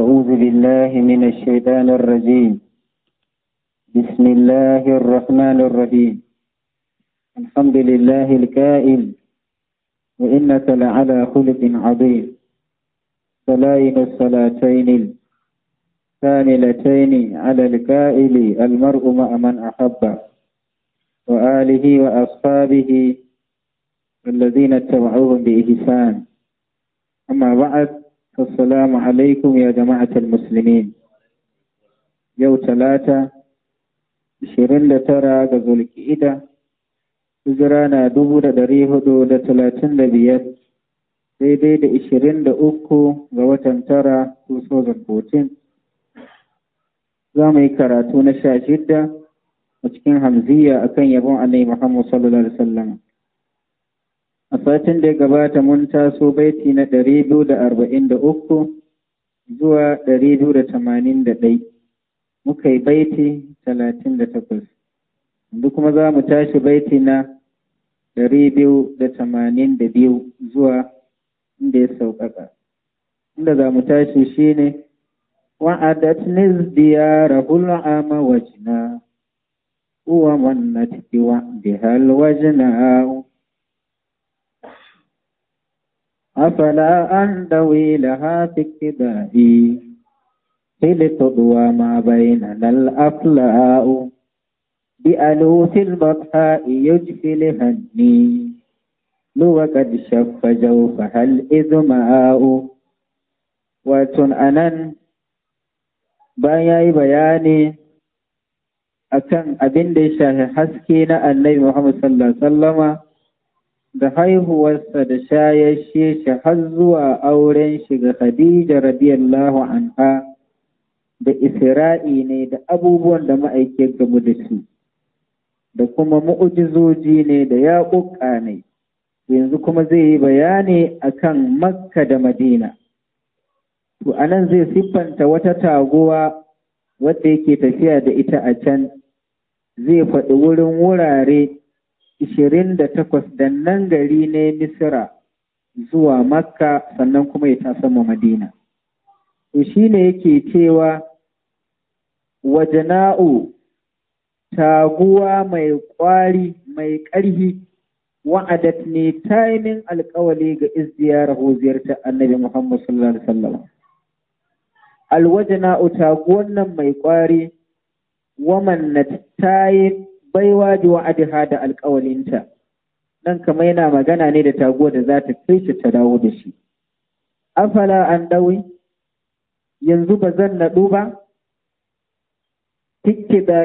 أعوذ بالله من الشيطان الرجيم بسم الله الرحمن الرحيم الحمد لله الكائل وإنك لعلى خلق عظيم سلائم الصلاتين الكاملتين على الكائل المرء مع من أحب وآله وأصحابه الذين اتبعوهم بإحسان أما بعد Assalamu alaikum ya jama'atul musulmin. Yau talata, 29 ga Zulki'ida, hijira na 435 daidai da 23 ga watan tara 2014. Za mu yi karatu na sha shidda a cikin hamziya akan yabon Annabi Muhammad sallallahu Alaihi wasallam. A satin da ya gabata mun taso baiti na ɗari biyu da arba'in da uku zuwa ɗari biyu da tamanin da ɗai. Muka yi baiti talatin da takwas. Yanzu kuma za mu tashi baiti na ɗari biyu da tamanin da biyu zuwa inda ya sauƙaƙa. Inda za mu tashi shi ne, wa'adat nizdiyara hul'ama wajina, uwa mannat biwa bihal wajina أفلا أندوي لها في ابتدائي قل تضوى ما بيننا الأفلاء بألوس البطحاء يجفي لهني لو قد شف جوفها الإذماء واتن أنن بايا بياني أكن abin da ya shafi haske محمد صلى الله عليه وسلم da haihuwarsa da shayashe shi har zuwa auren shi ga Khadija radiyallahu anha da Isra'i ne da abubuwan da ma'aikiyar gamu da su, da kuma mu'ujizoji ne da yaƙuƙa ne, yanzu kuma zai yi bayani akan Makka da Madina. To, anan zai siffanta wata taguwa wadda yake tafiya da ita a can, zai faɗi wurin wurare. ishirin da takwas da nan gari ne Misira zuwa Makka sannan kuma ya taso ma Madina. To shi ne yake cewa wajana'u taguwa mai ƙwari mai ƙarfi wa'adat ne ta yi min alƙawali ga izdiyarahu ziyartar annabi Muhammad sallallahu Alaihi wasallam. Alwajana'u taguwan nan mai ƙwari waman na ta baiwa wa wa'adiha da alƙawalinta nan kama yana magana ne da taguwa da za ta kai shi ta dawo da shi afala an dawi yanzu ba zan naɗu ba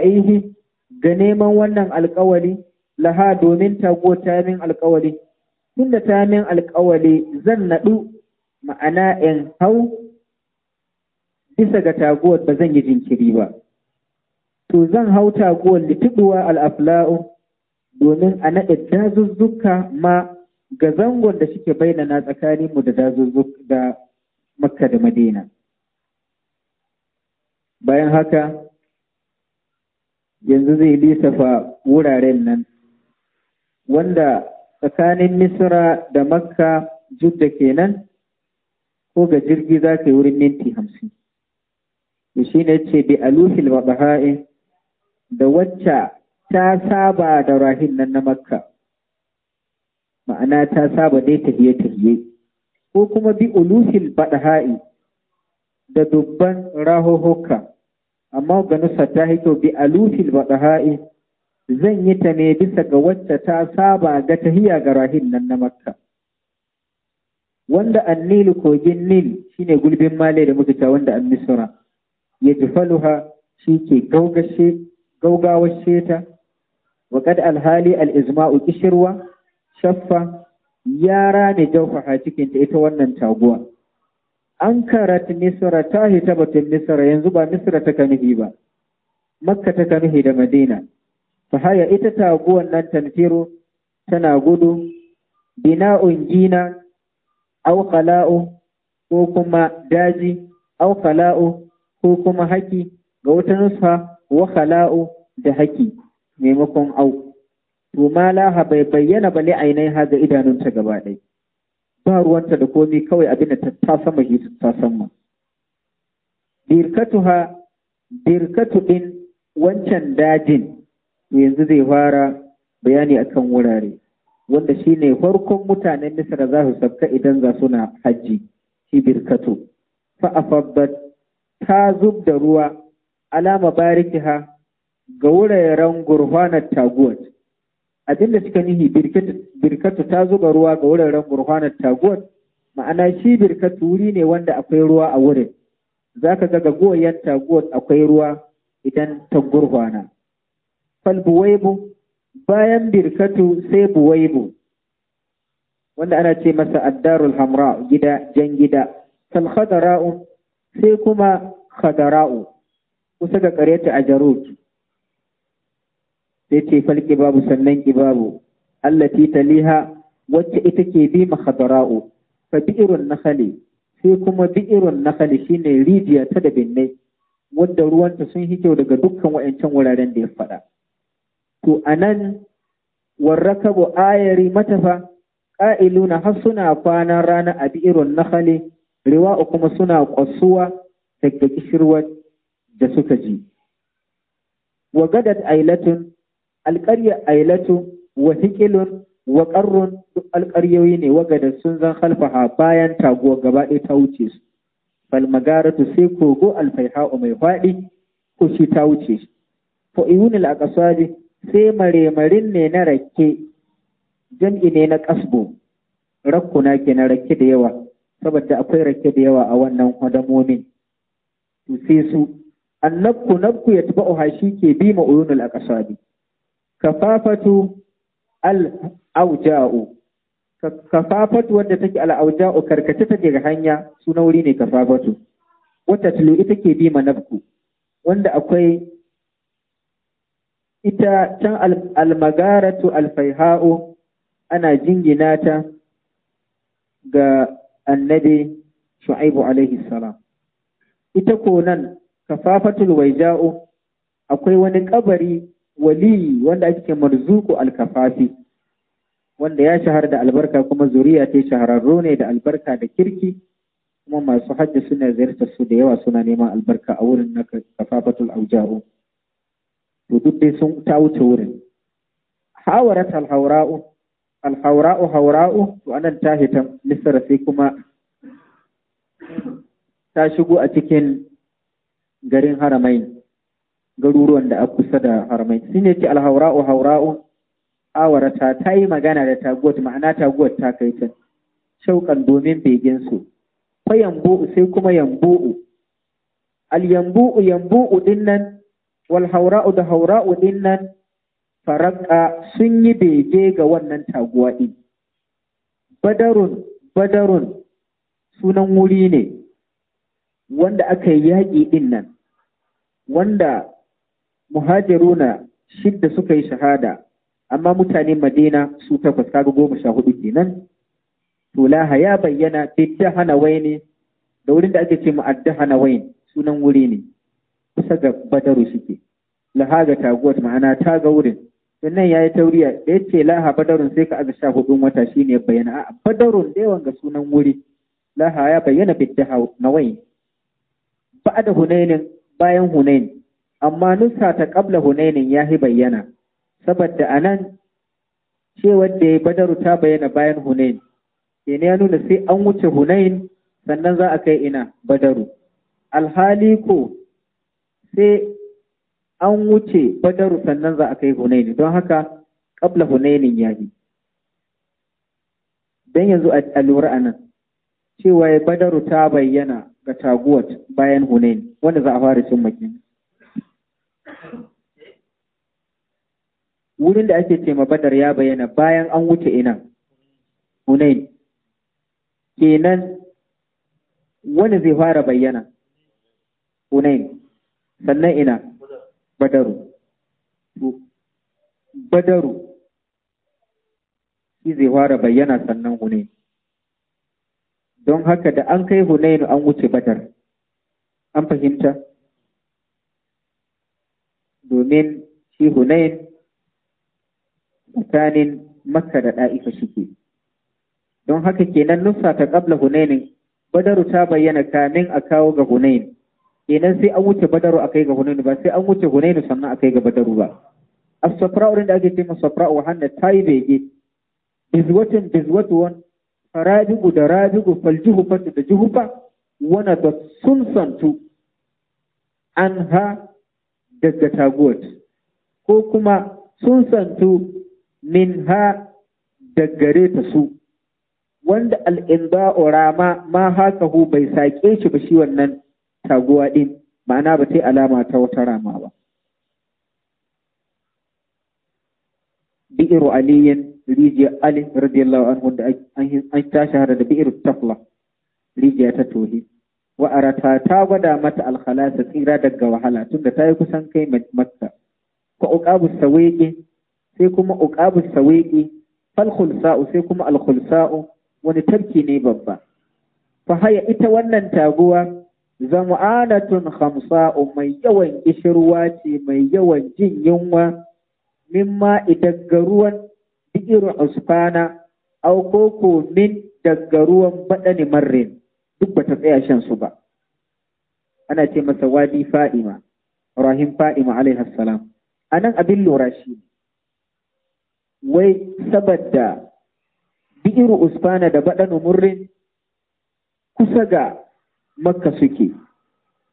ihi ga neman wannan alƙawali laha domin taguwa ta min alƙawali tunda ta min alƙawali zan naɗu ma'ana in hau bisa ga taguwar ba zan yi jinkiri ba to zan hau taguwar litibuwa al'afla'u domin a naɗa dazuzzuka ma ga zangon da suke bayyana tsakaninmu da dazuzzuka da makka da madina bayan haka yanzu zai lissafa wuraren nan wanda tsakanin misra da makka judda kenan ko ga jirgi za ka yi wurin minti hamsin shi ne ce bi alufil maɓaha'in da wacce ta saba da rahin nan na makka ma'ana ta saba dai tahiye-tahiye ko kuma bi ulufil badha'i da dubban rahohoka amma ga nusa ta hito bi alufil badha'i zan yi ta ne bisa ga wacce ta saba ga tahiya ga rahin nan na makka wanda nil kogin nil shine gulbin male da muka wanda an misura ya jifaluha shi ke gaugashe gaugawar sheta wa kad alhali al'izma'u kishirwa shaffa ya rame jaufaha cikinta ita wannan taguwa an karat misra ta hita batun misra yanzu ba misra ta kanuhi ba makka ta kanuhi da madina fa haya ita taguwan nan tanfiro tana gudu bina'un gina aw qala'u ko kuma daji aw qala'u ko kuma haki ga wata nusfa wa da haki maimakon au to ma laha bai bayyana ba li ainai ha ga idanunta gaba ba ruwanta da komai kawai abin da ta sama shi ta sama dirkatuha dirkatu din wancan dajin yanzu zai fara bayani akan wurare wanda shine farkon mutanen Misra za su sabka idan za na hajji shi birkatu fa afabbat ta zub da ruwa alama bariki ha, ga wuraren gurfanar taguwat abinda suka nihi birkatu ta zuba ruwa ga wuraren gurfanar taguwat ma'ana shi birkatu wuri ne wanda akwai ruwa a wurin za ka ga goyon taguwat akwai ruwa idan ta gurfana fal buwaibu bayan birkatu sai buwaibu wanda ana ce masa addarul hamra gida jan gida fal khadara'u sai kuma khadara'u kusa ga kareta a jarot sai ce falki babu sannan ki babu allati taliha wacce ita ke bi mahadara'u fa bi'irun nakhali sai kuma bi'irun nakhali shine rijiya ta da binnai wanda ruwanta sun hi kyau daga dukkan wa'ancan wuraren da ya faɗa to anan warrakabu ayari matafa ƙa'iluna har suna kwanan rana a bi'irun nakhali riwa'u kuma suna kwasuwa daga kishirwar da suka ji wa gadad ailatun alƙarya ailatu wa hikilun, wa ƙarrun duk alƙaryoyi ne gadad sun zan halfaha bayan taguwa gaba ɗaya ta wuce su bal magaratu sai kogo alfaiha'u mai faɗi ko shi ta wuce shi fa iyunil aqsadi sai maremarin ne na rake jam'i ne na ƙasbo. rakkuna ke na rake da yawa saboda akwai rake da yawa a wannan hadamomin to su annabku nabku ya taba hashi ke bi ma uyunul aqsabi kafafatu al kafafatu wanda take al auja'u karkace take ga hanya suna wuri ne kafafatu wata tulu ita ke bi ma nabku wanda akwai ita can almagaratu alfaiha'u ana jingina ta ga annabi shu'aibu alaihi salam ita ko nan kafafatul waija'u akwai wani kabari waliyi wanda ake marzuku alkafafi wanda ya shahar da albarka kuma zuriya ta shahararru ne da albarka da kirki kuma masu hajji suna ziyartar su da yawa suna neman albarka a wurin na kafafatul auja'u to duk dai sun ta wuce wurin hawarat alhaura'u alhaura'u haura'u to anan ta hita lissara sai kuma ta shigo a cikin garin haramain garuruwan da aka kusa da haramain shi ne ce alhaura'u haura'u awarata ta yi magana da taguwat ma'ana taguwar ta kai can shauƙan domin beginsu fa yambu'u sai kuma yambu'u al yambu'u yambu'u dinnan wal haura'u da haura'u dinnan faraka sun yi bege ga wannan taguwa din badarun badarun sunan wuri ne wanda aka yi yaƙi ɗin nan wanda muhajiruna shidda suka yi shahada amma mutanen madina su takwas kaga goma sha hudu kenan to laha ya bayyana bidda hana wai ne da wurin da ake ce mu'adda hana wai sunan wuri ne kusa ga badaru suke laha ga taguwar ma'ana ta ga wurin sannan ya yi tauriya da ya ce laha badarun sai ka aza sha hudun wata ne bayyana a badarun da yawan ga sunan wuri laha ya bayyana bidda wai. da hunainin bayan hunain amma nusa ta kabla hunainin yahi bayyana saboda anan cewar da ya badaru ta bayyana bayan hunain kenan ya nuna sai an wuce hunain sannan za a kai ina badaru alhali ko sai an wuce badaru sannan za a kai hunaini don haka kabla hunainin ya bi don yanzu a lura anan. cewa ya badaru ta bayyana ga taguwat bayan hunain wanda za a fara cin makin wurin da ake ce badar ya bayyana bayan an wuce ina hunain kenan wani zai fara bayyana hunain sannan ina badaru badaru shi zai fara bayyana sannan hunain don haka da an kai hunainu an wuce badar an fahimta domin shi hunain tsakanin makka da ɗa'ifa suke don haka kenan nusa ta ƙabla hunainin badaru ta bayyana kamin a kawo ga hunain kenan sai an wuce badaru a kai ga hunainu ba sai an wuce hunainu sannan a kai ga badaru ba a safra'urin da ake cewa safra wa hanna ta yi bege bizwatin bizwatuwan rabi'u da rabi'u Faljuhu da juhufa wana da sun santu an ha daga taguwat ko kuma sun santu min ha daga ta su wanda al'inda'u rama ma haka hu bai saƙe shi ba shi wannan taguwa ɗin ma'ana ba ta yi alama ta wata rama ba. Bi'iru aliyin rijiya ali radiyallahu anhu da an ta shahara da bi'ir tafla rijiya ta tohi wa arata ta gwada mata alkhalasa tsira daga wahala tunda ta yi kusan kai makka Ko uqabu sawiki sai kuma uqabu sawiki fal khulsa'u sai kuma al khulsa'u wani tarki ne babba fa haya ita wannan taguwa zam'anatun khamsa'u mai yawan kishirwa ce mai yawan jin yunwa mimma ga ruwan hijiru usfana au koko min daga ruwan baɗani marrin duk bata tsaya shan su ba ana ce masa wadi fa'ima rahim fa'ima alaihi salam anan abin lura shi wai saboda bi'iru usfana da baɗani murrin kusa ga makka suke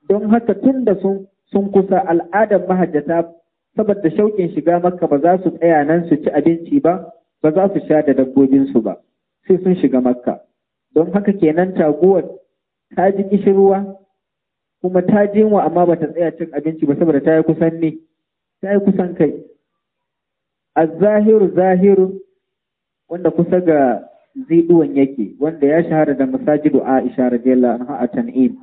don haka tun da sun sun kusa al'adar mahajjata saboda shauƙin shiga makka ba za su tsaya nan su ci abinci ba ba za su sha da dabbobinsu ba sai sun shiga makka don haka kenan taguwar ta ji kishirwa kuma ta jinwa amma ba ta tsaya cin abinci ba saboda ta yi kusan ne ta yi kusan kai a zahiru zahiru wanda kusa ga ziduwan yake wanda ya shahara da masajidu a ishara jela anha a tan'im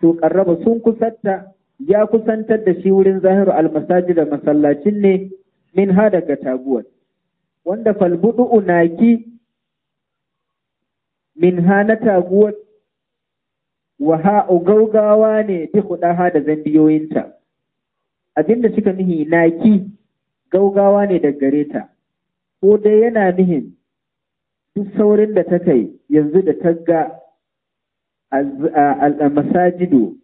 to karraba sun kusanta ya kusantar da shi wurin zahiru al-masajid da masallacin ne min ha daga taguwar wanda falbudu unaki min hana taguwar wa gaugawa ne bi hudaha da zambiyoyinta abinda suka nihi naki gaugawa ne da gareta, ko dai yana nihin duk saurin da ta kai yanzu da ta ga al-masajidu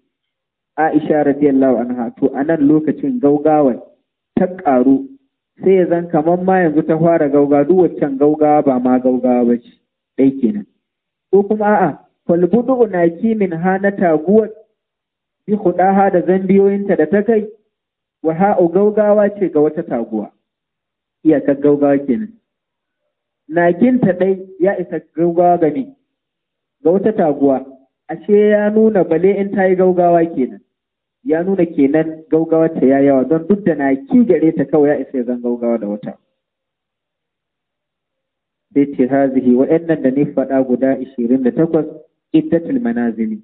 Aisha radiyallahu anha to anan lokacin gaugawa ta ƙaru sai ya zan kamar ma yanzu ta fara gauga duk waccan gauga ba ma gauga ba ce ɗai kenan ko kuma a'a kwalbudu na kimin ha na taguwar bi ha da zambiyoyinta da ta kai wa ha'u gaugawa ce ga wata taguwa iyakar gaugawa kenan naginta ɗai ya isa gaugawa ga ne ga wata taguwa ashe ya nuna bale in ta yi gaugawa kenan ya nuna kenan gaugawarta ya yawa don duk da na ki gare ta kawai ya isa zan gaugawa da wata sai ce hazihi waɗannan da ni faɗa guda ishirin da takwas iddatul manazili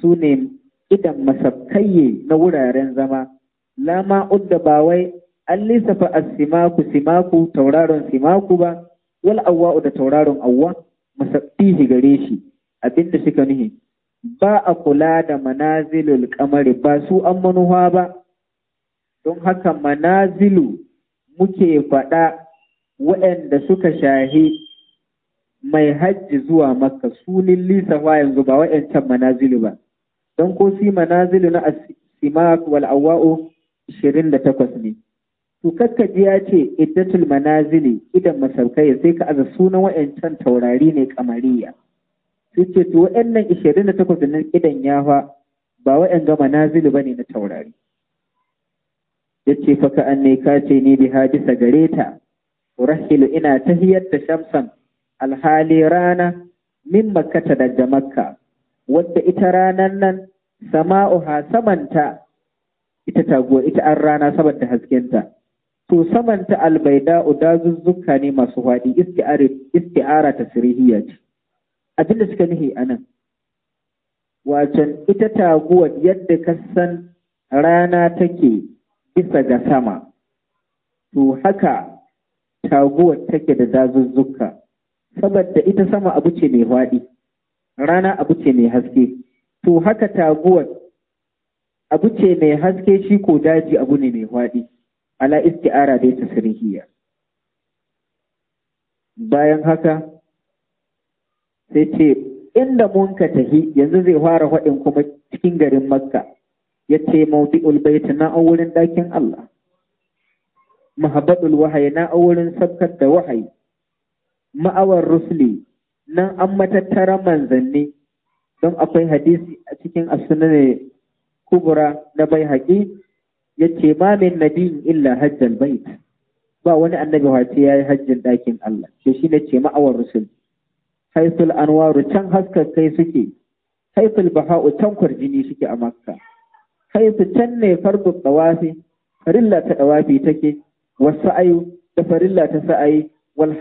su ne idan masafkaye na wuraren zama lama udda ba wai an lissafa asimaku simaku tauraron simaku ba wal awwa'u da tauraron awwa shi gare shi abinda suka nuhi ba a kula da manazilul kamari ba su an manuwa ba don haka manazilu muke faɗa waɗanda suka shahi mai hajji zuwa makka su wa yanzu ba waɗancan manazilu ba don ko si manazilu na asimak wal awa'u 28 ne to kakkaji ya ce iddatul manazili idan masaukai sai ka aza sunan waɗancan taurari ne kamariya suke ce to wa'annan ishirin da takwas da nan idan ya fa ba wa'yan gama nazilu ba ne na taurari ya ce faka an ne ka ce ni bi hadisa gare ta urahilu ina tahiyar da shamsan alhali rana min makkata daga makka wadda ita ranar nan ha samanta ita taguwa ita an rana saboda haskenta to samanta albaida zuzzuka ne masu faɗi isti'ara tasirihiyya ce abin da suka nihi anan wacan ita taguwar yadda ka san rana take bisa ga sama to haka taguwar take da dazuzzuka saboda ita sama abu ce mai hwaɗi rana abu ce mai haske to haka taguwar abu ce mai haske shi ko daji abu ne mai waɗi ala isti'ara dai tasirihiya bayan haka sai ce inda mun ka tafi yanzu zai fara faɗin kuma cikin garin makka ya ce maudi'ul bait na a wurin ɗakin Allah mahabbatul wahayi na a wurin sabkar da wahayi ma'awar rusuli nan an matattara manzanni don akwai hadisi a cikin asunan kubura na bai haƙi ya ce ma min nabiyin illa hajjal bait ba wani annabi wace ya yi hajjin ɗakin Allah to shi ne ce ma'awar rusuli haifil anwaru can haskar kai suke haifil baha'u can kwarjini suke a makka haifil can ne fardu tsawafi farilla ta tsawafi take wasu ayu da farilla ta sa'ayi wal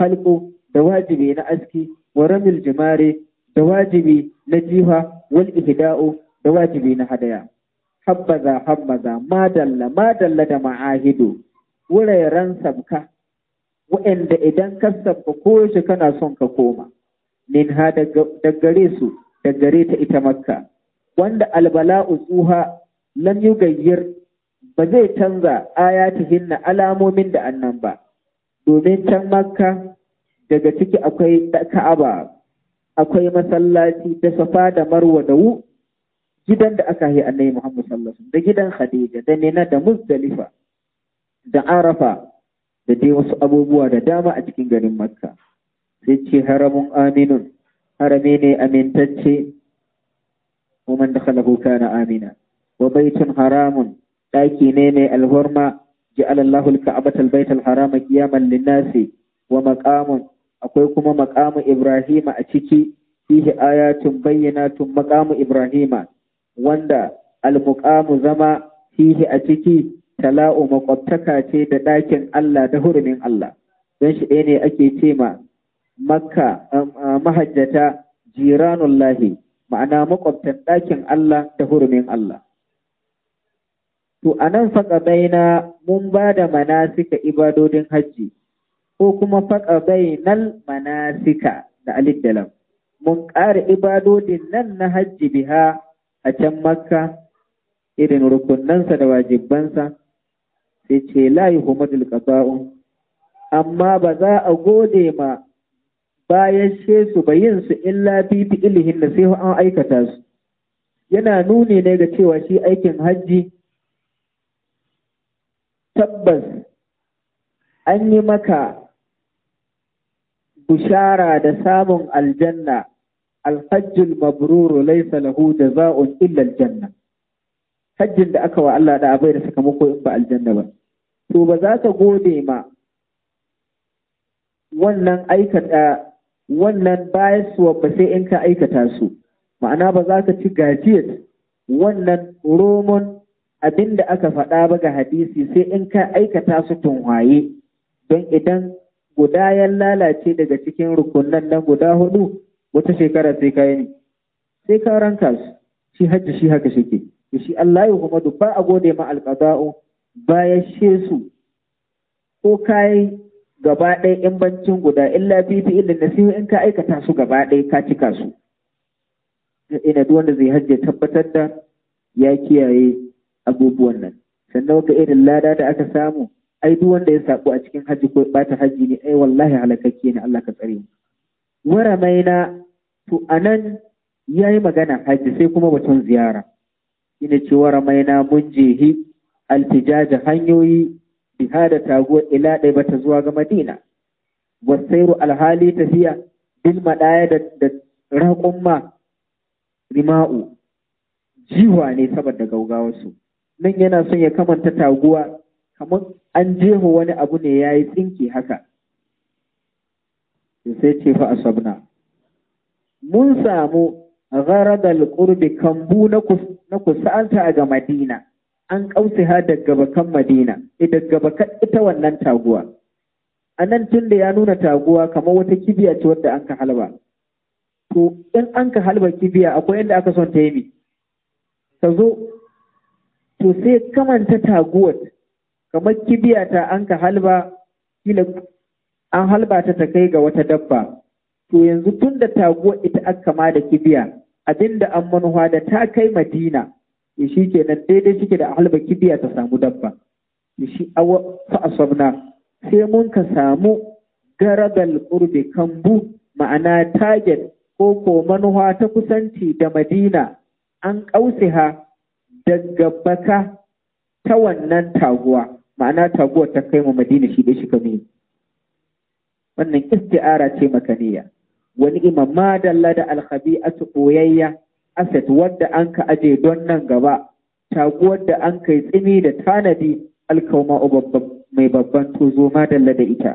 da wajibi na aski wa ramil jimare da wajibi na jiha wal ihda'u da wajibi na hadaya habbaza habbaza madalla madalla da ma'ahidu wuraren sabka wa'anda idan ka sabka ko shi kana son ka koma minha daggare su daggare ta ita makka wanda albala'u tsuha lam gayyar ba zai canza aya hinna alamomin da annan ba domin can makka daga ciki akwai ka'aba akwai masallaci da safa da marwa da wu gidan da aka yi annabi Muhammad sallallahu da gidan Khadija da nina da Muzdalifa da Arafa da dai wasu abubuwa da dama a cikin garin Makka sai ce haramun aminun Harami ne amintacce wa da dakhalahu kana amina wa baitun haramun ɗaki ne mai alhorma? ji Allahu al-ka'bata harama kiyaman linnasi wa maqamun akwai kuma maqamu Ibrahima a ciki fihi ayatun tun maqamu Ibrahima wanda al zama fihi a ciki tala'u makwabtaka ce da ɗakin Allah da hurumin Allah don shi ɗaya ne ake ce ma makka um, uh, mahajjata lahi ma'ana makwabtan ɗakin Allah da hurumin Allah to anan faƙa baina mun ba da manasika ibadodin hajji ko kuma faƙa bainal manasika da alidalam, mun ƙara ibadodin nan na hajji biha a can makka irin rukunansa da wajibansa sai ce layi amma ba za a gode ma bayan she su bayin su illa bi ilihin da sai an aikata su yana nuni ne ga cewa shi aikin hajji tabbas an yi maka bushara da samun aljanna alhajjul mabruru laysa lahu jazaa'un illa aljanna hajjin da aka wa Allah da abai da sakamako in ba aljanna ba to ba za ka gode ma wannan aikata wannan su ba sai in ka aikata su ma'ana ba za ka ci gajiyar wannan romon abin da aka faɗa ba ga hadisi sai in ka aikata su tunwaye don idan guda ya lalace daga cikin rukunan nan guda hudu wata shekara sai ka yi sai ka ranka su shi hajji shi haka shike to shi Allah ya kuma ba a gode ma alqada'u bayan she su ko kayan. gaba ɗaya in bancin guda illa bibi na siyo in ka aikata su gaba ɗaya ka cika su ina duk wanda zai hajji tabbatar da ya kiyaye abubuwan nan sannan ga irin lada da aka samu ai duk wanda ya sabu a cikin hajji ko bata hajji ne ai wallahi halakakke ne Allah ka tsare mu na to anan yayi magana hajji sai kuma batun ziyara ina ce waramaina mun jehi altijaja hanyoyi biha da taguwar ila ɗaya bata zuwa ga madina wasairu alhali tafiya bil maɗaya da raƙumma rima'u jiwa ne saboda gaugawarsu nan yana son ya kamanta taguwa kamar an jeho wani abu ne ya yi tsinki haka sai ce fa asabna mun samu gharadal qurbi kambu na kusanta ga madina an ha daga bakan madina eh, daga bakan ita wannan taguwa a nan tun da ya nuna taguwa kamar wata kibiya ce wadda an ka halba to in an ka halba kibiya akwai yadda aka son ta yi ta zo to sai kamanta taguwar kamar kibiya ta an ka halba kila an halba ta ta kai ga wata dabba to yanzu tun da taguwar ita aka kama da kibiya abinda an manuwa da ta kai madina Eh, shi ke nan daidai suke da ahalba kibiya ta samu dabba da shi awa fa'asabna sai mun ka samu garabal kurbe kambu ma'ana target ko ko manuwa ta kusanci da madina an ƙausiha daga baka ta wannan taguwa ma'ana taguwa ta kai mu madina shi da shi kame wannan isti'ara ce makaniya wani imamma dalla da alkhabi'atu ɓoyayya asset wanda an ka aje don nan gaba taguwar da an kai tsimi da tanadi alkauma mai babban tozo madalla da ita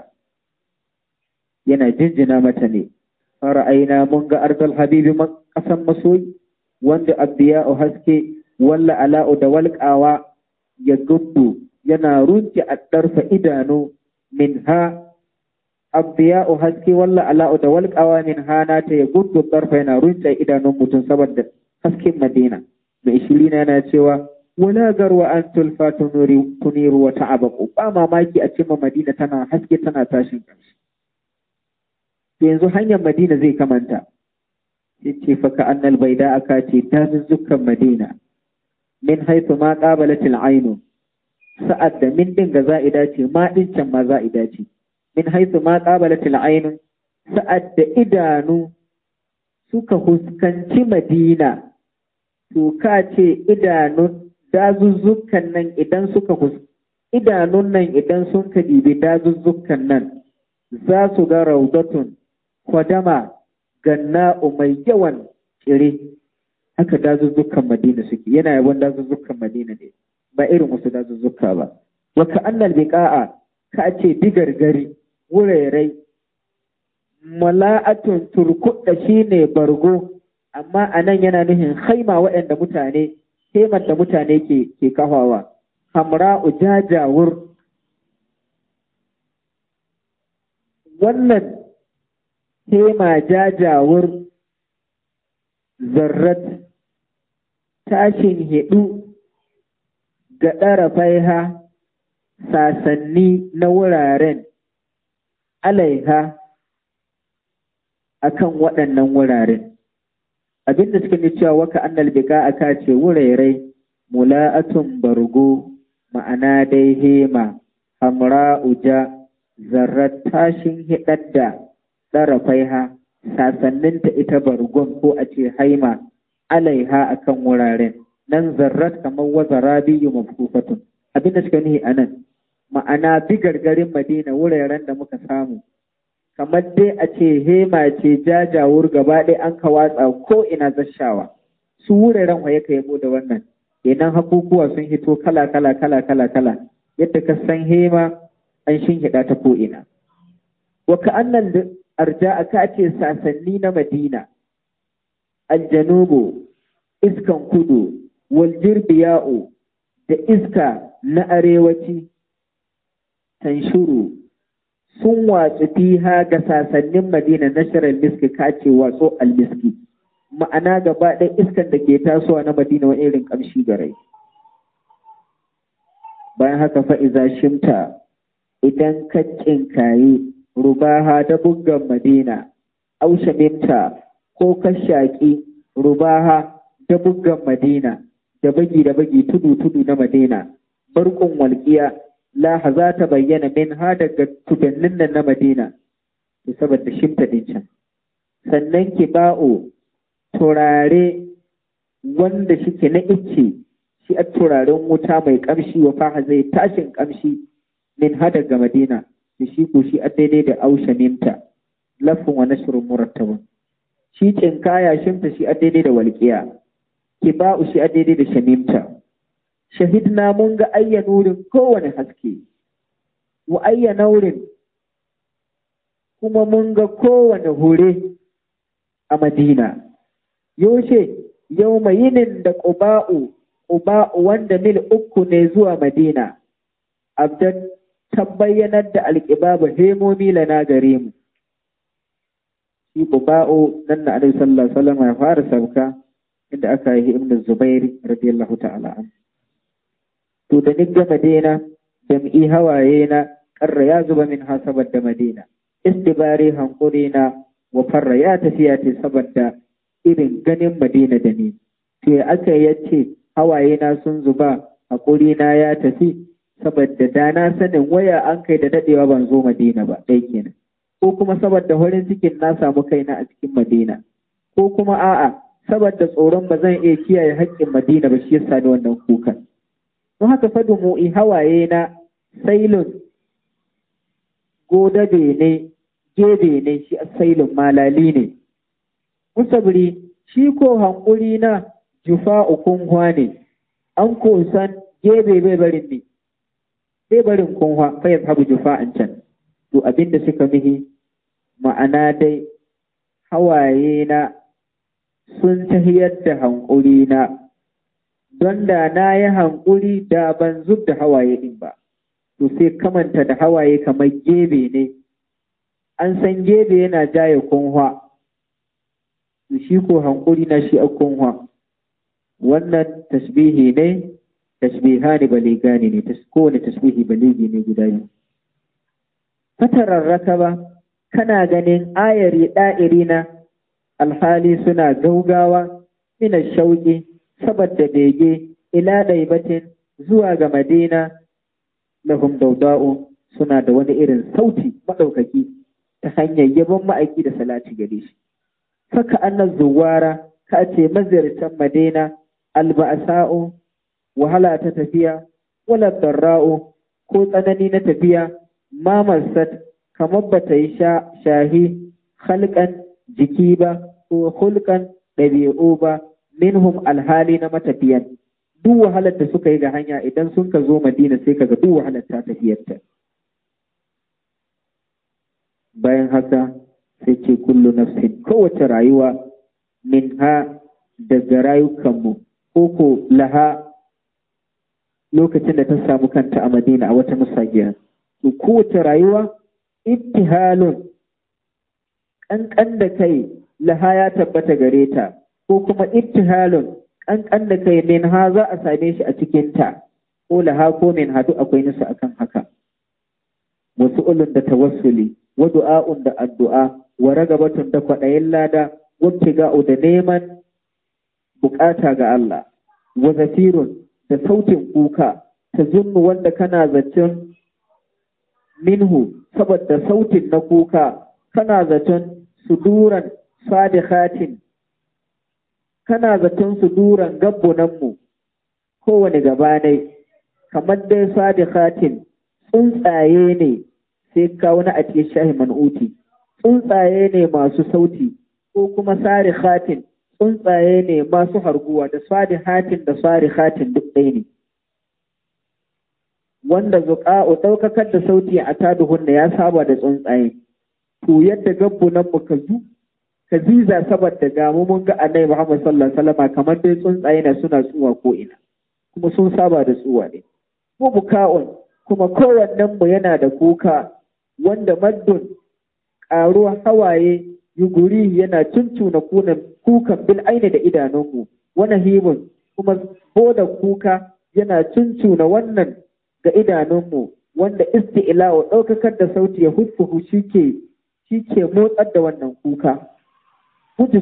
yana jinjina mata ne ra'ayina mun ga arzal habibi kasan masoyi wanda o haske walla ala'u da walƙawa ya gubbu yana ruke addarsa idanu min ha o haske walla ala'u da walƙawa min hana ta ya gudu ƙarfa yana idanun mutum saboda hasken madina mai shirina na cewa wala garwa an tulfa tuniru wa ta'abaku ba mamaki a cimma madina tana haske tana tashin ƙarshe yanzu hanyar madina zai kamanta yace fa ka annal da aka ce dazuzzukan madina min haythu ma qabalat al sa'ad da min din ga za'ida ce ma din can ma za'ida ce min haythu ma qabalatil ayn sa'ad da idanu suka huskanci Madina to ka ce idanun dazuzzukan nan idan suka idanun nan idan sun ka dibi dazuzzukan nan za su ga raudatun kwadama ganna'u mai yawan tsire haka dazuzzukan Madina suke yana yawan dazuzzukan Madina ne ba irin wasu dazuzzuka ba wa ka annal biqa'a ka ce digargari wurerai. mala'atun turkuɗa ne bargo amma a nan yana nuhin haima waɗanda mutane haimar da mutane ke ke kafawa hamra ujajawur wannan haima jajawur zarrat tashin hidu ga ɗara ɗarafaiha sasanni na wuraren alaiha akan waɗannan wuraren Abinda da suka ne cewa waka annal bika aka ce wurairai mula'atun bargo ma'ana dai hema hamra uja zarrar tashin hidar da tsarafai ha sasanninta ita bargon ko a ce haima alaiha akan wuraren nan zarrat kamar wazara biyu mafkufatun abin da suka nihi a nan ma'ana bi gargarin madina wuraren da muka samu kamar dai a ce hema ce jajawur gaba ɗaya an ka watsa ko ina zashawa su wuraren ya ka yabo da wannan Idan hakukuwa sun hito kala kala kala kala kala yadda ka san hema an shinhiɗa ta ko ina wa ka annan arja ka ce sasanni na madina aljanubu iskan kudu wal jirbiya'u da iska na arewaci tanshuru sun watsu fiha ga sasannin madina na shirin miski ce watsu almiski ma'ana gaba ɗaya iskan da ke tasowa na madina wa irin ƙamshi rai. bayan haka fa'iza shimta idan ka kayi rubaha da bugan madina aushaminta ko ka shaƙi rubaha da bugan madina da bagi da bagi tudu tudu na madina barkun walƙiya laha za ta bayyana min ha daga tubannin nan na madina to saboda shimfiɗin can sannan ki ba'o turare wanda shike na icce shi a turaren wuta mai kamshi wa faha zai tashin kamshi min ha daga madina da shi ko shi a daidai da aushe minta lafin wa nashrun murattaba shi cinkaya shimta shi a daidai da walƙiya ki ba'u shi a daidai da shamimta shahidna mun ga ayya nurin kowane haske wa ayyana naurin kuma mun ga kowane hure a madina yaushe yau yinin da ƙuba'u ƙuba'u wanda mil uku ne zuwa madina abdan tabbayyanar da alƙibaba hemomi lana gare mu shi ƙuba'u nan na alaihi sallallahu alaihi ya fara sauka, inda aka yi ibn zubairi radiyallahu ta'ala anhu to da nigga madina jam'i hawaye na karra ya zuba min ha da madina istibari hankuri na wa farra ya tafiya ce saboda irin ganin madina da ni to ya aka yace hawaye na sun zuba hakuri na ya tafi saboda da na sanin waya an kai da dadewa ban zo madina ba dai kenan ko kuma saboda horin cikin na samu kaina a cikin madina ko kuma a'a saboda tsoron ba zan iya kiyaye haƙƙin madina ba shi yasa ni wannan kukan don haka fadu mu'i hawaye na sailun godabe ne gebe ne shi a sailun malali ne musabri shi ko hankuri na jufa ukunwa ne an kosan gebe bai barin ne bai barin kunwa fa ya habu jufa an can to abinda suka mihi ma'ana dai hawaye na sun tahiyar da hankuri na don da na yi hankuri da ban zub da hawaye din ba to sai kamanta da hawaye kamar gebe ne an san gebe yana jaye kunwa to shi ko hankuri na shi a kunwa wannan tasbihi ne ne ba baligani ne kowane tasbihi baligi ne guda biyu fatarar rakaba kana ganin ayari da'irina alhali suna gaugawa mina shauƙi saboda bege ila ɗaibatin zuwa ga madina lahum dauda'u suna da wani irin sauti maɗaukaki ta hanyar yabon ma'aiki da salati gare shi faka annan zuwara ka ce maziyartan madina alba'asa'u wahala ta tafiya wala darra'u ko tsanani na tafiya sat, kamar ba ta yi shahi halkan jiki ba ko hulkan ɗabi'u ba minhum alhali na matafiyan duk wahalar da suka yi ga hanya idan sun ka zo madina sai ka ga duk wahalar ta tafiyarta bayan haka sai ce kullu nafsin kowace rayuwa min ha daga rayukanmu ko ko laha lokacin da ta samu kanta a madina a wata musagiya kowace rayuwa ittihalun ƙanƙan da kai laha ya tabbata gare ta ko kuma ittihalun ƙanƙan da kai min ha za a same shi a cikin ta ko laha ko min hadu akwai nisu akan haka wasu ulun da tawassuli wa du'a'un da addu'a wa ragabatun da kwaɗayin lada wabtiga'u da neman bukata ga Allah wa zafirun da sautin kuka ta zunnu wanda kana zaton minhu saboda sautin na kuka kana zaton suduran sadikatin kana zaton su duran gabbunanmu kowane gabanai kamar dai sadikatin tsuntsaye ne sai ka wani a cikin shahi man'uti tsuntsaye ne masu sauti ko kuma sadikatin tsuntsaye ne masu harguwa da sadihatin da sadikatin duk ɗaya ne wanda zuƙa'u ɗaukakar da sauti a taduhunna ya saba da tsuntsaye to yadda gabbunanmu ka zu kaziza saboda da gamu mun ga annabi Muhammad sallallahu alaihi wasallam kamar dai tsuntsaye na suna tsuwa ko ina kuma sun saba da tsuwa ne mu buka'un kuma kowannen mu yana da kuka wanda maddun ƙaruwa hawaye yuguri yana tuntuna kunan kukan bil aini da idanunmu wani himun kuma boda kuka yana tuntuna wannan ga idanunmu wanda isti'la'u ɗaukakar da sauti ya husfuhu shi ke motsar da wannan kuka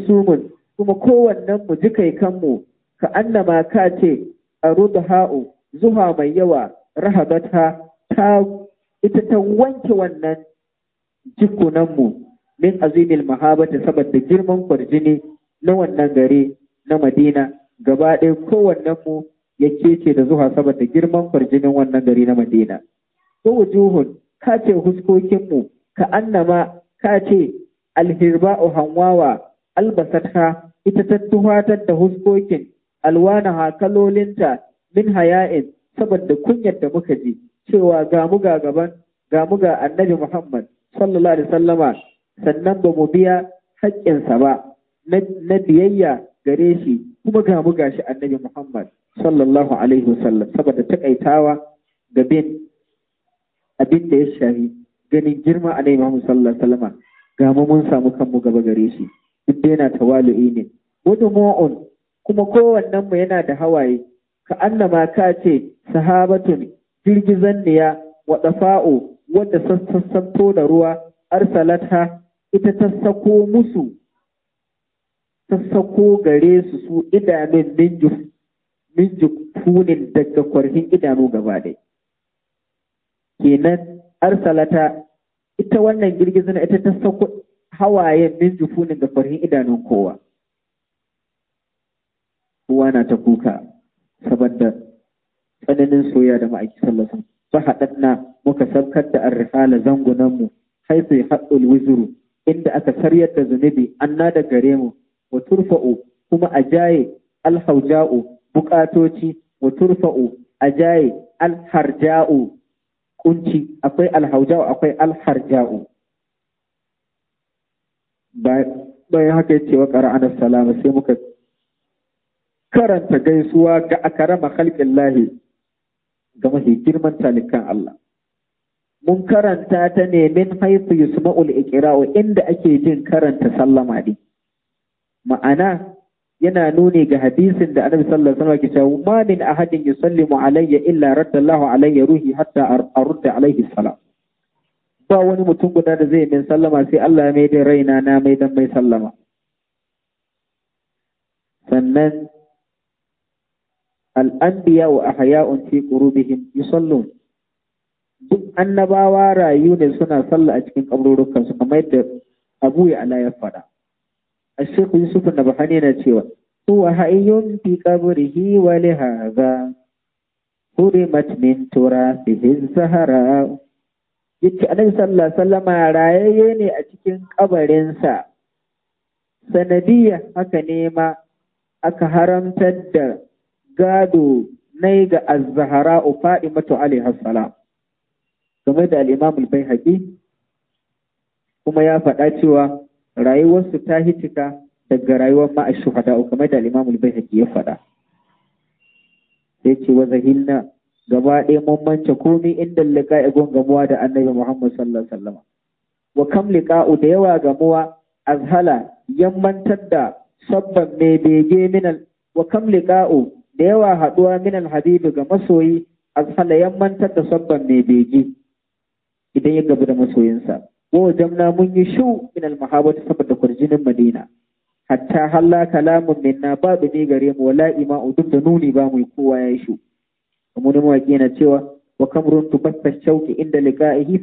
su mun kuma kowannen mu ji kai kanmu ka annama ka ce a ha'u zuwa mai yawa rahabata ta ita ta wanke wannan jikunanmu min azimil mahabata saboda girman kwarjini na wannan gari na madina gaba ɗaya kowannenmu ya kece da zuwa saboda girman kwarjinin wannan gari na madina ko wujuhun ka ce huskokinmu ka annama ka ce alhirba'u hanwawa albasatha ita ta tuhatar da huskokin alwana kalolinta min haya'in saboda kunyar da muka ji cewa ga mu ga gaban ga mu ga annabi Muhammad sallallahu alaihi sallama sannan ba mu biya haƙƙinsa ba na biyayya gare shi kuma ga mu gashi annabi Muhammad sallallahu alaihi wasallam saboda takaitawa ga bin abin da ya shafi ganin girma annabi Muhammad sallallahu alaihi wasallama ga mu mun samu kanmu gaba gare shi duk yana tawali'i ne mu'un, kuma kowannen mu yana da hawaye ka annama ka ce sahabatun niya wa dafa'u wadda sassanto da ruwa arsalata ita ta sako musu ta sako gare su su idanun min jukunin daga kwarhin idanu gaba ɗaya kenan arsalata ita wannan girgizan ita ta sako Hawayen min jufunin da farin idanun kowa kowa na ta kuka saboda tsananin soya da ma'aiki sallallahu haɗar na muka sabkar da arrihala zangunan mu haifu haɗul wuzuru inda aka saryar da zunubi anna da gare mu wa turfa'u kuma a jaye alhauja'u bukatoci wa turfa'u a jaye alharja'u kunci akwai alhauja'u akwai alharja'u bayan haka ya ce wa ƙara'anar salama sai muka karanta gaisuwa ga akarama halƙin lahi ga mafi girman talikan Allah. Mun karanta ta ne min haifu yusma'ul iqra'u inda ake jin karanta sallama ɗin. Ma'ana yana nuni ga hadisin da Annabi sallallahu alaihi wasallam ke cewa ma min ahadin yusallimu alayya illa radda Allahu alayya ruhi hatta arudda alayhi salam. ba wani mutum guda da zai min sallama sai Allah mai da raina na mai dan mai sallama sannan al'anbiya wa ahya'un fi qurubihim yusallun duk annabawa rayu ne suna sallah a cikin kabrurukan su kamar yadda Abu ya ala ya fada Ash-Shaykh Yusuf Nabhani na cewa huwa hayyun fi qabrihi wa li hurimat min turathihi az-zahra yace annabi sallallahu alaihi wasallama rayayye ne a cikin ƙabarinsa. sanadiya haka ne ma aka haramtar da gado nai ga az-zahra fadimatu alaihi salam kuma da al-imam al bayhaqi kuma ya faɗa cewa rayuwarsu ta hitika daga rayuwar ma'ashuhada kuma da al-imam al bayhaqi ya faɗa yace wa zahinna gaba ɗaya mun mance komai inda ya gun gamuwa da annabi Muhammad sallallahu alaihi wasallam wa kam liƙa'u da yawa gamuwa azhala yammantar da sabban mai bege minal wa kam liqa'u da yawa haduwa minal habibi ga masoyi azhala yammantar da sabban mai bege idan ya gabu da masoyinsa wa wajamna mun yi shu minal mahabbati saboda kurjinin Madina hatta halla kalamun minna babu ne gare mu wala ima'u duk da nuni ba mu kowa ya shu mu mawaki yana cewa wa kamrun tubaffa shauki inda liqa'ihi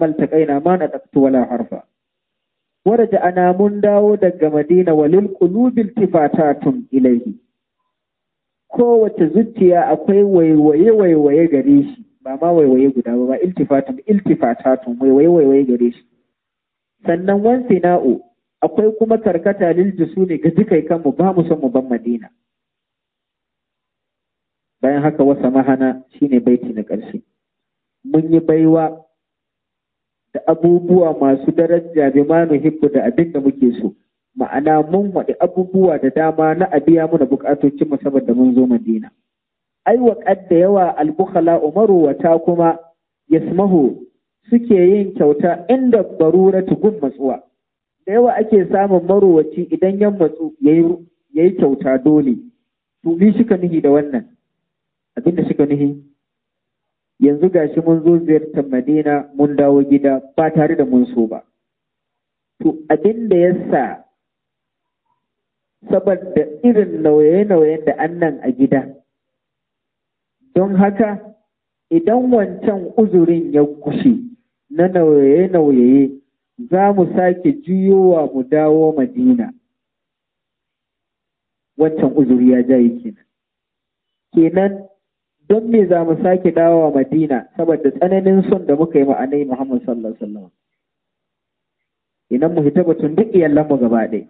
mal taqaina ma na taqtu wala harfa waraja ana mun dawo daga madina walil qulubil tifatatun ilaihi kowace zuciya akwai waiwaye waiwaye gare shi ba ma waiwaye guda ba ba iltifatun iltifatatun waiwaye waiwaye gare shi sannan sina'u akwai kuma karkata lil jusuni ga dukai kanmu ba mu son mu ban madina bayan haka wasa mahana shine baiti na ƙarshe mun yi baiwa da abubuwa masu daraja bi ma nuhibbu da abin da muke so ma'ana mun waɗi abubuwa da dama na abiya muna buƙatocin mu saboda mun zo Madina ai wa da yawa albukala umaru wata kuma yasmahu suke yin kyauta inda barura tugun matsuwa da yawa ake samun marowaci idan yan matsu yayi kyauta dole to ni shika nihi da wannan abinda suka nuhi yanzu gashi mun zo ziyartar Madina mun dawo gida ba tare da mun so ba to abinda ya sa saboda irin nauye-nauyen da annan a gida don haka idan wancan uzurin ya kushe na nauye-nauye za mu sake juyowa mu dawo madina wancan uzuri ya jaye kenan kenan don me za mu sake dawowa Madina saboda tsananin son da muka yi ma'anai Muhammad sallallahu alaihi wasallam idan mu hita batun duk iyallan mu gaba ɗaya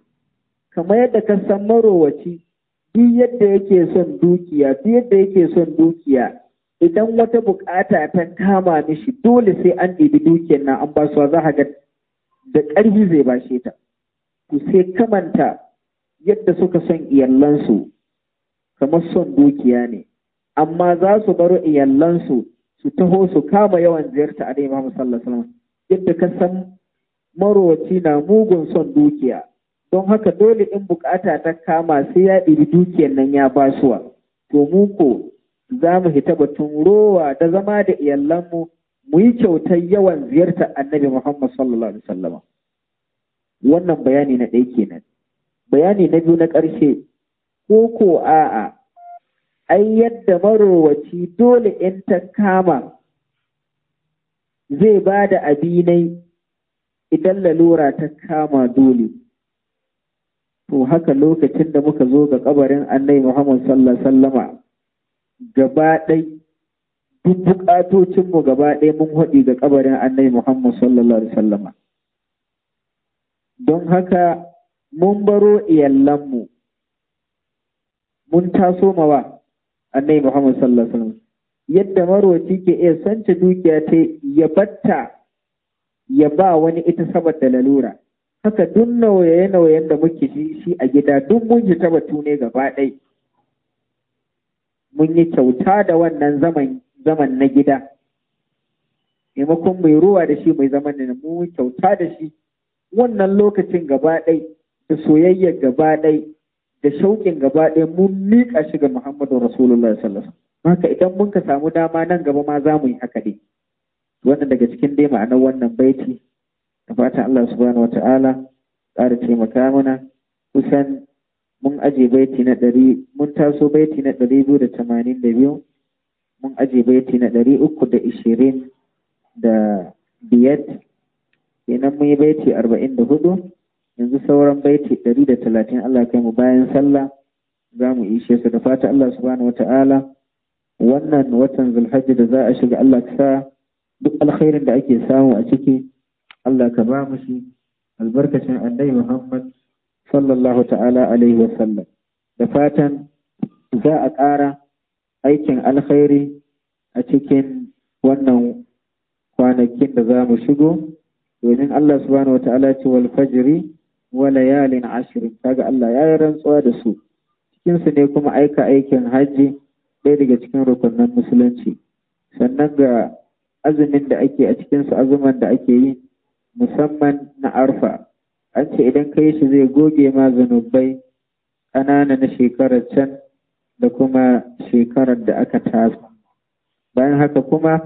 kamar yadda ka san marowaci duk yadda yake son dukiya duk yadda yake son dukiya idan wata bukata ta kama mishi dole sai an ɗibi dukiyar nan an basuwa za ka ga da ƙarfi zai bashe ta to sai kamanta yadda suka son iyalansu kamar son dukiya ne amma za su bar iyallansu su taho su kama yawan ziyarta a da imamu sallallahu alaihi yadda ka san marowaci na mugun son dukiya don haka dole in bukata ta kama sai ya ɗiri dukiyar nan ya basuwa to mu ko za mu hita batun rowa da zama da iyallanmu mu yi kyautar yawan ziyarta annabi Muhammad sallallahu alaihi wasallam wannan bayani na ɗaya kenan bayani na biyu na ƙarshe ko ko a'a ai yadda marowaci dole in ta kama zai ba da abinai idan lalura ta kama dole to haka lokacin da muka zo ga kabarin annai muhammad sallallahu sallama gaba duk buƙatocinmu gaba ɗaya mun haɗi ga kabarin annai muhammad sallallahu alaihi sallama don haka mun baro iyalanmu, mun taso mawa annabi Muhammad sallallahu alaihi wasallam yadda marwaci ke iya sanci dukiya ta ya batta ya ba wani ita saboda lalura haka duk nauye nauyen da muke ji shi a gida duk mun ji ta batu ne gaba ɗai mun yi kyauta da wannan zaman zaman na gida maimakon mai ruwa da shi mai zaman da mu kyauta da shi wannan lokacin gaba ɗai da soyayyar gaba ɗai da shauƙin gaba ɗaya mun miƙa shi ga Muhammadu Rasulullah sallallahu alaihi haka idan mun ka samu dama nan gaba ma za mu yi haka dai wannan daga cikin dai ma'anar wannan baiti da fatan Allah subhanahu wata'ala ƙara taimaka mana kusan mun aje baiti na ɗari mun taso baiti na ɗari biyu da tamanin da biyu mun aje baiti na ɗari uku da ishirin da biyar kenan mun yi baiti arba'in da hudu yanzu sauran baiti ɗari da talatin Allah kai mu bayan sallah za mu ishe su da fata Allah subhanahu wata'ala wannan watan zulhajji da za a shiga Allah ka sa duk alkhairin da ake samu a ciki Allah ka ba mu shi albarkacin annabi Muhammad sallallahu ta'ala alaihi wa sallam da fatan za a ƙara aikin alkhairi a cikin wannan kwanakin da za mu shigo domin Allah subhanahu wa ta'ala ce wal fajri Wala layalin ashirin kaga Allah ya yi rantsuwa da su cikin su ne kuma aika aikin hajji ɗaya daga cikin rukunin musulunci sannan ga azumin da ake a cikin su azuman da ake yi musamman na arfa an ce idan ka shi zai goge ma zanubai ƙanana na shekarar can da kuma shekarar da aka tafi bayan haka kuma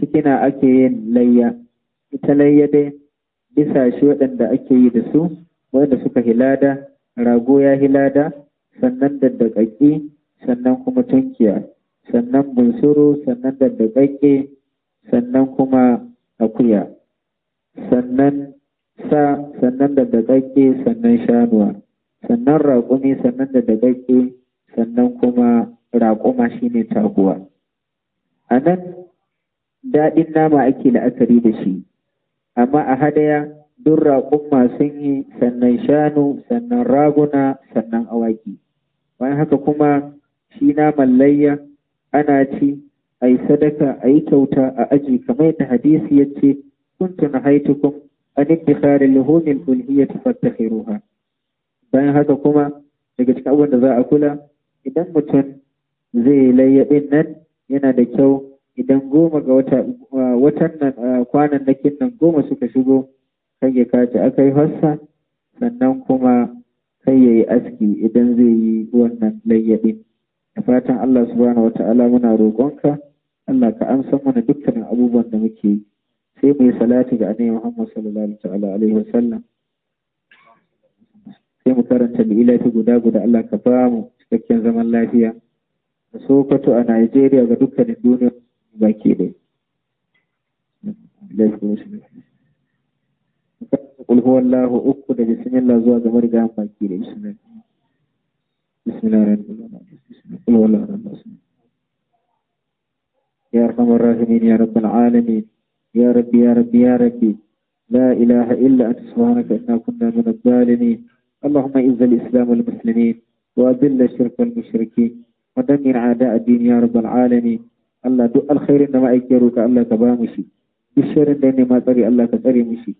cikina ake yin layya ita layya dai bisa shi waɗanda ake yi da su wanda suka hilada rago ya hilada sannan daddakaki sannan kuma tunkiya sannan bunsuru sannan daddakaki sannan kuma akuya sannan sa sannan daddakaki sannan shanuwa sannan raƙumi sannan daddakaki sannan kuma raƙuma shine taguwa a nan daɗin nama ake la'akari da shi amma a hadaya duk raƙumma sun yi sannan shanu sannan raguna sannan awaki bayan haka kuma shi naman layya ana ci a yi sadaka a yi kyauta a aji kamar da hadisi ya ce kuntu na haitukum an ibtikharin lahomin ulhiyya ta fattakhiruha bayan haka kuma daga cikin abin da za a kula idan mutum zai layyaɓin nan yana da kyau idan goma ga uh, watan nan uh, kwanan nakin nan goma suka shigo kage kace aka yi fassa sannan kuma kan ya yi aski idan zai yi wannan layyadi da fatan Allah subhanahu wa ta'ala muna roƙonka Allah ka amsa mana dukkanin abubuwan da muke yi sai mu yi salati ga annabi Muhammad sallallahu ta'ala alaihi wa sallam sai mu karanta da guda guda Allah ka ba mu cikakken zaman lafiya da Sokoto a Najeriya ga dukkanin duniya baki ɗaya. kul huwallahu uku da bismillah zuwa ga marigayan baki da bismillah bismillahir rahmanir rahim يا أرحم الراحمين يا رب العالمين يا ربي يا ربي يا ربي لا إله إلا أنت سبحانك إنا كنا من الظالمين اللهم إذ الإسلام والمسلمين وأذل الشرك والمشركين ودمر أعداء الدين يا رب العالمين الله دو الخير إنما أيكيروك الله كبامشي بالشر إنما تري الله كتري مشي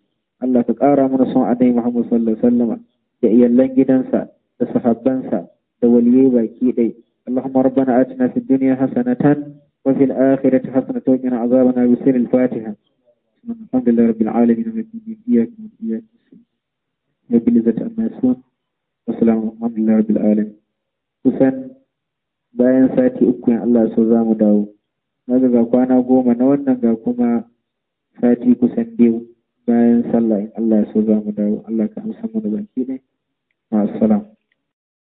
Allah ka ƙara mana son annabi Muhammad sallallahu alaihi wasallam da iyalan gidansa da sahabbansa da waliyai baki ɗai اللهم ربنا آتنا في الدنيا حسنة وفي الآخرة حسنة Fatiha. عذابنا بسر الفاتحة الحمد لله رب العالمين ومكين إياكم وإياكم رب العزة amma يسون والسلام الحمد لله رب العالمين kusan bayan sati uku in Allah so za mu dawo na ga kwana goma na wannan ga kuma sati kusan biyu bayan sallah in Allah ya so za mu dawo Allah ka amsa mana baki ne ma'assalam